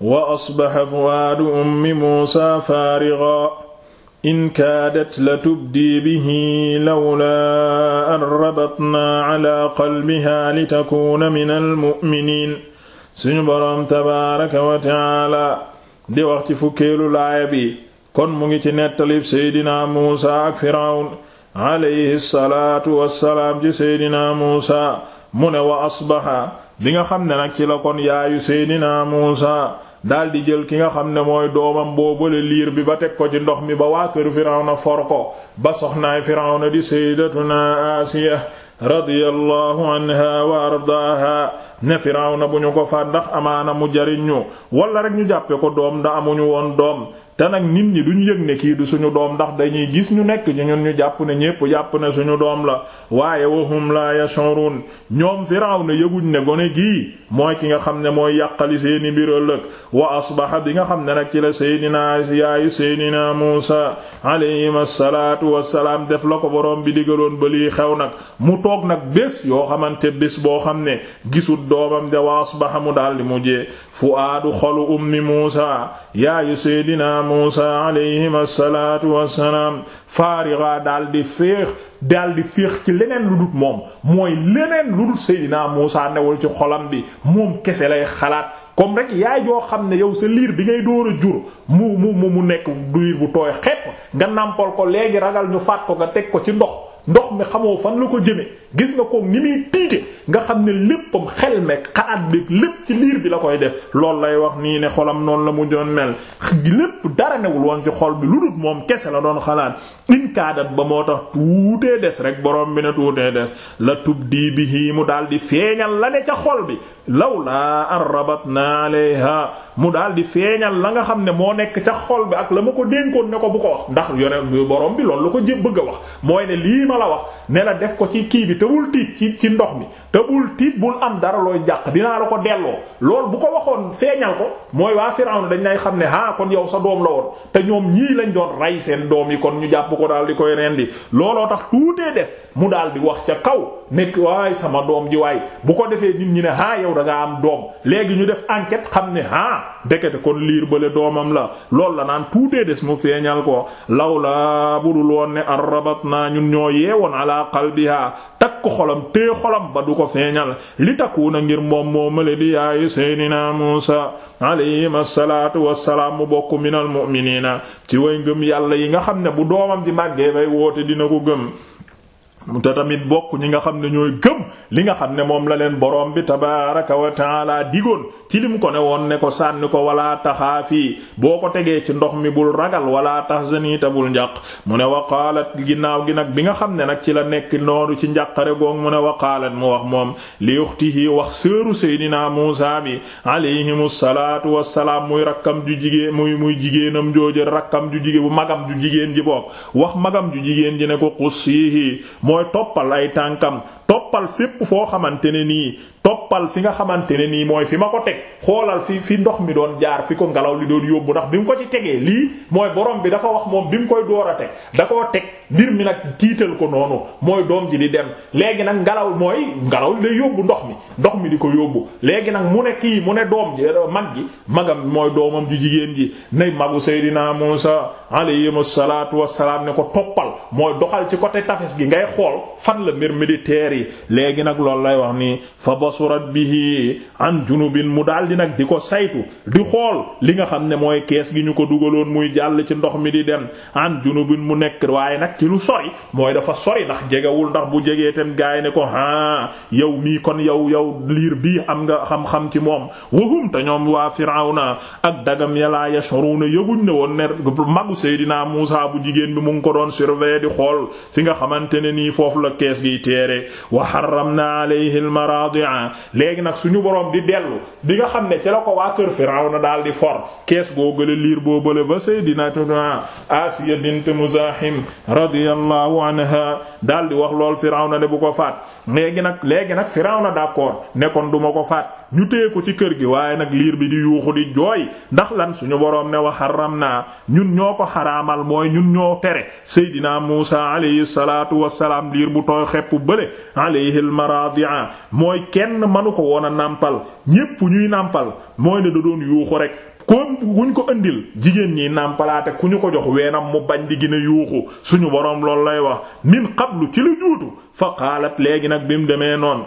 wa asbaxa fuaadu ummi muusa faariga in kaadat la tubdii bihi lawlaa an rabatnaa calaa qalbiha litakuuna min almu'miniin suñu boroom tabaaraka wa tacaala di wax ci fukkeelu laaya bi kon mu ngi ci nettalib seydinaa muusa ak firawn alayhi salaatu wassalaam ci seydinaa muusa mu ne wa asbaxa bi nga xam ne nag ci la kon yaayu seydinaa muusa daldi jël ki nga xam ne mooy doomam boobale liir bi ba teg ko ci ndox mi ba waa kër Firawna for ko ba soxnaay Firawna di sayyidatuna Asiya radiyallahu anha wa ardaaha ne Firawna bu ñu ko faat ndax amaana mu jariñ ñu walla rekk ñu jàppe ko doom da amuñu woon doom te nag nit ñi duñu yëg ne kii du suñu doom ndax dañuy gis ñu nekk ci ñun ñu jàpp ne ñépp jàpp ne suñu doom la waaye wahum la yashurun ñoom Firawna yëguñ ne gone gii mooy ki nga xam ne mooy yàqali seeni mbir ëllëg wa asbaha bi nga xam ne nag ci la seydinaa yaayu seydinaa Muusa alayhim assalaatu wassalaam def la ko borom bi digaloon ba lii xew nag mu toog nag bés yoo xamante bés boo xam ne gisul doomam de wa asbaha mu daldi mu fuaadu fu ummi Muusa yaayu seydinaa Muusa alayhim assalaatu wassalaam faariga daal di féex daal di féex ci leneen lu dut moom mooy leneen lu dut Seydina Muusa newul ci xolam bi moom kese lay xalaat comme rek yaay joo xam ne yow sa liir bi ngay door a jur mu mu mu nekk liir bu tooy xepp nga nàmpal ko léegi ragal ñu faat ko nga teg ko ci ndox ndox mi xamoo fan la ko jëme gis nga ko ni muy tiite nga xam ne léppam xel meeg xalaat bi lépp ci liir bi la koy def loolu lay wax nii ne xolam noonu la mu doon mel lépp dara newul woon ci xol bi lu dul moom kese la doon xalaat inkaadat ba moo tax tuutee des rek boroom bi ne tuutee des la tub dii bi hii mu daal di feeñal la ne ca xol bi lawlaa an rabatna alayha mu daal di feeñal la nga xam ne moo nekk ca xol bi ak la ma ko dénkoon ne ko bu ko wax ndax yone borom bi loolu la ko bëgg a wax ma la wax ne def ko ci kii bi te bul tiit ci ci ndox mi te bul tiit bul am dara looy jàq dinaa la ko delloo lool bu ko waxoon feeñal ko mooy waa Firawna dañ lay xam ne ah kon yow sa doom la woon te ñoom ñii lañ doon rey seen doom yi kon ñu jàpp ko daal di koy rendi looloo tax tuutee des mu daal di wax ca kaw nekk waaye sama doom ji waay bu ko defee nit ñi ne ah yow da am doom léegi ñu def enquête xam ne ah ndekete kon liir bële doomam la loolu la naan tuutee des mu ko yeewoon ala qalbiha takk xolam tee xolam ba du ko feeñal li takkuuna ngir moom moo male di yaayu seydina Muusa alayhim assalaatu wassalaam mu bokk minal mu'miniina ci way ngëm yàlla yi nga xam ne bu doomam di màggee bay woote dina ko gëm te tamit bokk ñi nga xam ne ñooy gëm li nga xam ne moom la leen borom bi tabaaraka wa taala digoon ci lim ko ne woon ne ko sànni ko wala taxaafi boo ko tegee ci ndox mi bul ragal wala tahzani ta bul njàq mu ne waqaalat ginnaaw gi nag bi nga xam ne nag ci la nekk nooru ci njàqare goog mu ne waqaalat mu wax moom li uxtihi wax seeru seydinaa Muusaa bi alayhimu salaatu wassalaam muy rakkam ju jigéen muy muy jigéenam jooje rakkam ju jigéen bu magam ju jigéen ji bokk wax magam ju jigéen ji ne ko qussihi mooy toppal ay tànkam toppal fépp foo xamante ne nii toppal fi nga xamante ne nii mooy fi ma ko teg xoolal fi fi ndox mi doon jaar fi ko ngelaw li doon yóbbu ndax bi mu ko ci tegee lii mooy borom bi dafa wax moom bi mu koy door a teg da koo teg mbir mi nag tiital ko noonu mooy doom ji di dem léegi nag ngelaw mooy ngelaw li day yóbbu ndox mi ndox mi di ko yóbbu léegi nag mu ne kii mu ne doom ji mag gi magam mooy doomam ji jigéen ji ne magu Seydina Muusa alayhi salaatu wassalaam ne ko toppal mooy doxal ci côté tafes gi ngay xool fan la mbir mi yi léegi nag loolu lay wax ni fa bi bihi an junubin mu daal di nag di ko saytu di xool li nga xam ne mooy kees gi ñu ko dugaloon muy jàll ci ndox mi di dem an junubin mu nekk waaye nag ci lu sori mooy dafa sori ndax jegewul ndax bu jegee tam gaay ne ko ah yow mii kon yow yow liir bii am nga xam-xam ci moom wahum te ñoom waa Firawna ak dagam yalaa yashuruna yëguñ ne woon ne magu Seydina Muusa bu jigéen bi mu ngi ko doon surveiller di xool fi nga xamante ne nii foofu la kees gi teere wa harramna alayhi al-maraadi'a léegi nag suñu boroom di dellu bi nga xam ne ci la ko waa kër Firawna daal di for kees goo gële liir boo bële ba sayyidatuna Asiya bint Muzahim radiyallahu anha daal di wax lool Firawna ne bu ko faat léegi nag léegi nag Firawna d'accord ne kon duma ko faat ñu téye ko ci kër gi waaye nag liir bi di yuuxu di jooy ndax lan suñu boroom ne wa harramna ñun ñoo ko xaraamal mooy ñun ñoo tere Seydina Muusa alayhi salaatu wassalaam liir bu tooy xepp bële alayhi al maradi'a mooy kenn mënu ko woon a nàmpal ñépp ñuy nàmpal mooy ne da doon yuuxu rek comme kuñ ko andil jigéen ñi nàmpalaate ku ñu ko jox weenam mu bañ di gina yuuxu suñu boroom loolu lay wax min qablu ci lu juutu fa qaalat léegi nag bi mu demee noonu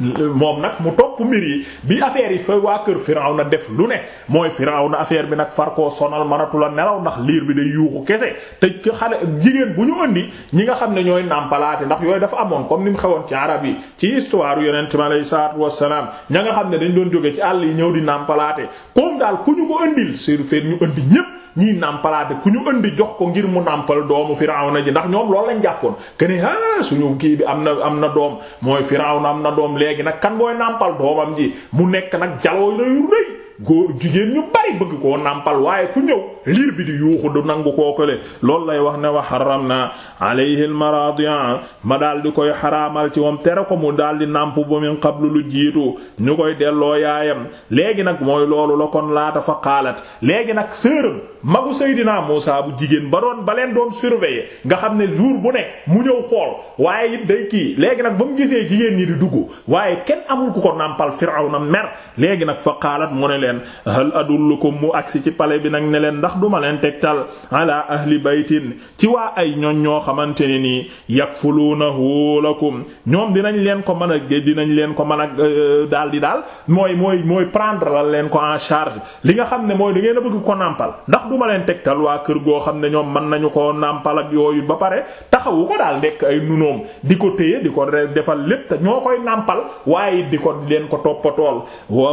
moom nag mu topp mbir yi bi affaire yi fa waa kër Firawna def lu ne mooy na affaire bi nag farko sonal mënatu nelaw ndax liir bi day yuuxu kese te xale jigéen bu ñu andi ñi nga xam ne ñooy nàmpalaate ndax yooyu dafa amoon comme ni mu xewoon ci arab yi ci histoire yonent mi alayhi salaatu wassalaam ña nga xam ne dañ doon jóge ci àll yi ñëw di nàmpalaate comme daal ku ñu ko andil sur ñu andi ñépp ñii nàmpalaate ku ñu indi jox ko ngir mu nàmpal doomu Firawna ji ndax ñoom loolu lañ jàppoon kene ah suñu kii bi am na am na doom mooy Firawna am na doom léegi nag kan mooy nàmpal doomam ji mu nekk nag jaloo yu rëy góor jigéen ñu bari bëgg koo nàmpal waaye ku ñëw liir bi di yuuxu du nangu kookale loolu lay wax ne wa xaramna alayhi almaradi'a ma daal di koy xaraamal ci moom tere ko mu daal di nàmp bu min qablu lu jiitu ñu koy delloo yaayam léegi nag mooy loolu la kon laata fa xaalat léegi nag séeram magu Seydina Muusa bu jigéen ba ba leen doon surveiller nga xam ne jour bu nekk mu ñëw xool waaye it day kii léegi nag ba mu gisee jigéen ñi di dugg waaye kenn amul ku ko nàmpal Firawna mer léegi nag fa xaalat mu ne leen hal adullukum mu agsi ci pale bi nag ne leen ndax duma leen tegtal ala ahli baytin ci waa ay ñoñ ñoo xamante ne nii yakfulunahu lakum ñoom dinañ leen ko mën a dinañ leen ko mën a euh, daal di daal mooy mooy mooy prendre la leen ko en charge li nga xam ne mooy da a bëgg ko nàmpal ndax duma leen tegtal waa kër goo xam ne ñoom mën nañu ko nàmpal ak yooyu ba pare taxawu ko daal nekk ay nunoom di ko téye di ko defal lépp ñoo koy nàmpal waaye di ko leen ko toppatool wa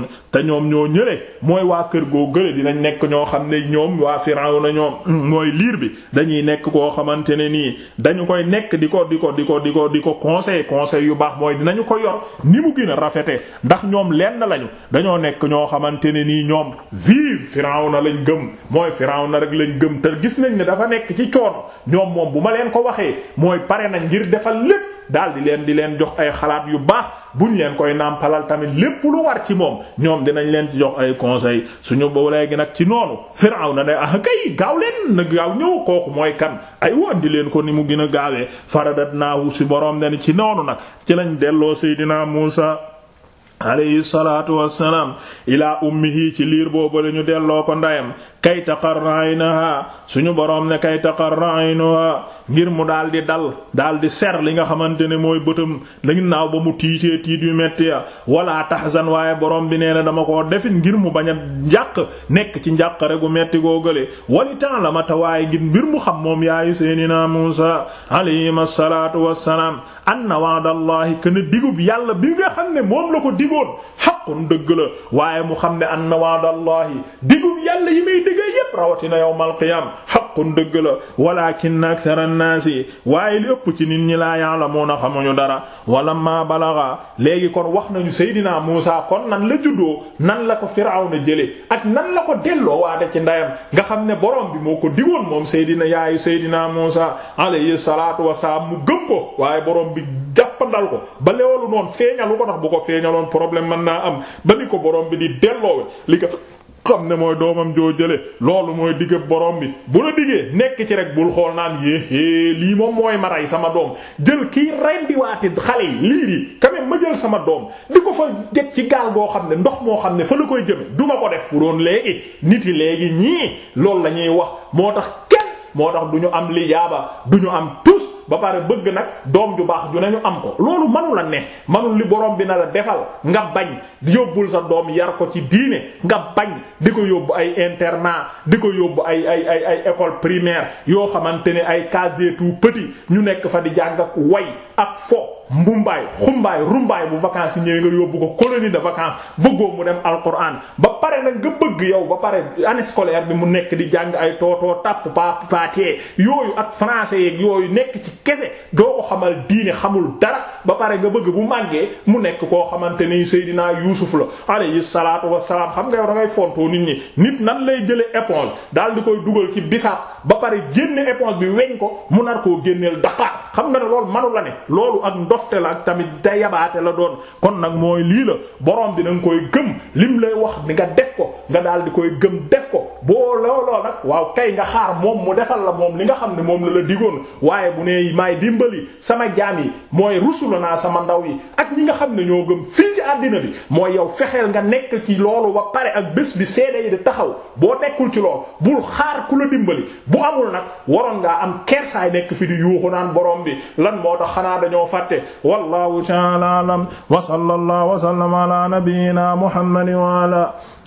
noonu te ñoom ñoo ñële mooy waa kër goo gële dinañ nekk ñoo xam ne ñoom waa Firawna ñoom mooy liir bi dañuy nekk koo xamante ne nii dañu koy nekk di ko di ko di ko di ko di ko conseil conseil yu baax mooy dinañu ko yor ni mu gën a rafete ndax ñoom lenn lañu dañoo nekk ñoo xamante ne nii ñoom vive Firawna lañ gëm mooy na rek lañ gëm te gis nañ ne dafa nekk ci coono ñoom moom bu ma leen ko waxee mooy pare na ngir defal lépp daal leen di leen jox xalaat yu baax buñ leen koy nàmpalal tamit lépp lu war ci moom ñoom dinañ leen ci jox ay conseil suñu boobu léegi nag ci noonu Firawna ne ah kay gaaw leen na gaaw ñëw kooku mooy kan ay di leen ko ni mu gën a gaawee faradatnaahu si boroom den ci noonu nag ci lañ delloo Seydina Muusa alayhi salaatu wassalaam ilaa ummihi ci liir boobu lañu delloo ko ndeyam kay taqarra aynaha suñu borom ne kay taqarra aynaha ngir mu daal di dal daal di ser li nga xamante ne mooy bëtam la ginnaaw ba mu tiitee tiit yu metti ya wala tahzan waaye boroom bi nee na dama koo defit ngir mu baña a njàq nekk ci njàq rek gu metti goo gële wali ta'lama ta waaye ngir mbir mu xam moom yaayu seydinaa Muusa alayhi salaatu wassalaam anna wa'dallahi kana digub yàlla bi nga xam ne moom la ko digoon haqqun dëgg la waaye mu xam ne anna digal yépp rawatina yawmal qiyaam xaqun dëgg la walaakin aksara naasi waaye li ëpp ci nit ñi laa ya'lamuuna xamuñu dara wala ma léegi kon wax nañu Seydina Muusa kon nan la juddoo nan la ko Firawna jëlee ak nan la ko delloo waate ci ndeyam nga xam ne borom bi moo ko digoon moom Seydina yaayu Seydina Muusa alayhi salaatu wasalaam mu gëm ko waaye borom bi jàppandal ko ba loolu noonu feeñalu ko tax bu ko feeñaloon problème mën naa am ba ko borom bi xam ne mooy doomam joo jële loolu mooy digëb borom bi bu la diggee nekk ci rek bul xool naan yéexée lii moom mooy ma yi sama doom jël kii rendiwaate xale yi liir yi quand même ma jël sama doom di ko fa jeg ci gaal goo xam ne ndox moo xam ne fa la koy jëm duma ko def bu doon léegi nit yi léegi ñii loolu la ñuy wax moo tax kenn moo tax du ñu am lijaaba du ñu am tus ba pare bëgg nag doom ju baax ju ne ñu am ko loolu manu la ne manul li borom bi na la defal nga bañ yóbbul sa doom yar ko ci diine nga bañ di ko yóbbu ay internat di ko yóbbu ay ay ay ay école primaire yoo xamante ne ay case des tout ñu nekk fa di jàng ak way ak fo mbumbaay xumbaay rumbaay bu vacances yi ñëwee nga yóbbu ko colonie de vacances bëggoo mu dem alquran ba pare nag nga bëgg yow ba pare année scolaire bi mu nekk di jàng ay tootoo tàpp pa paatee yooyu ak français yooyu nekk ci kese doo ko xamal diine xamul dara ba pare nga bëgg bu màggee mu nekk koo xamante ni Seydina Yuusuf la alayhi salaatu wassalaam xam nga yow da fontoo nit ñi nit nan lay jële éponge daal di koy dugal ci bisaab ba pare génn éponge bi weñ ko mu nar koo génneel daqaar xam nga loolu manu la njofte ak tamit da yabaate la doon kon nag mooy lii la boroom bi nga koy gëm lim lay wax di nga def ko nga daal di koy gëm def ko boo looloo nag waaw kay nga xaar moom mu defal la moom li nga xam ne moom la la digoon waaye bu nee maay dimbali sama jaam yi mooy rusula naa sama ndaw yi ak ñi nga xam ne ñoo gëm fii ci àddina bi mooy yow fexeel nga nekk ci loolu ba pare ak bés bi seede yi di taxaw boo nekkul ci lool bul xaar ku la dimbali bu amul nag waroon ngaa am kersaay nekk fi di yuuxu naan borom bi lan moo tax xanaa dañoo fàtte wallahu ta'ala alam wa sallallahu wa sallama ala nabiyyina muhammadin wa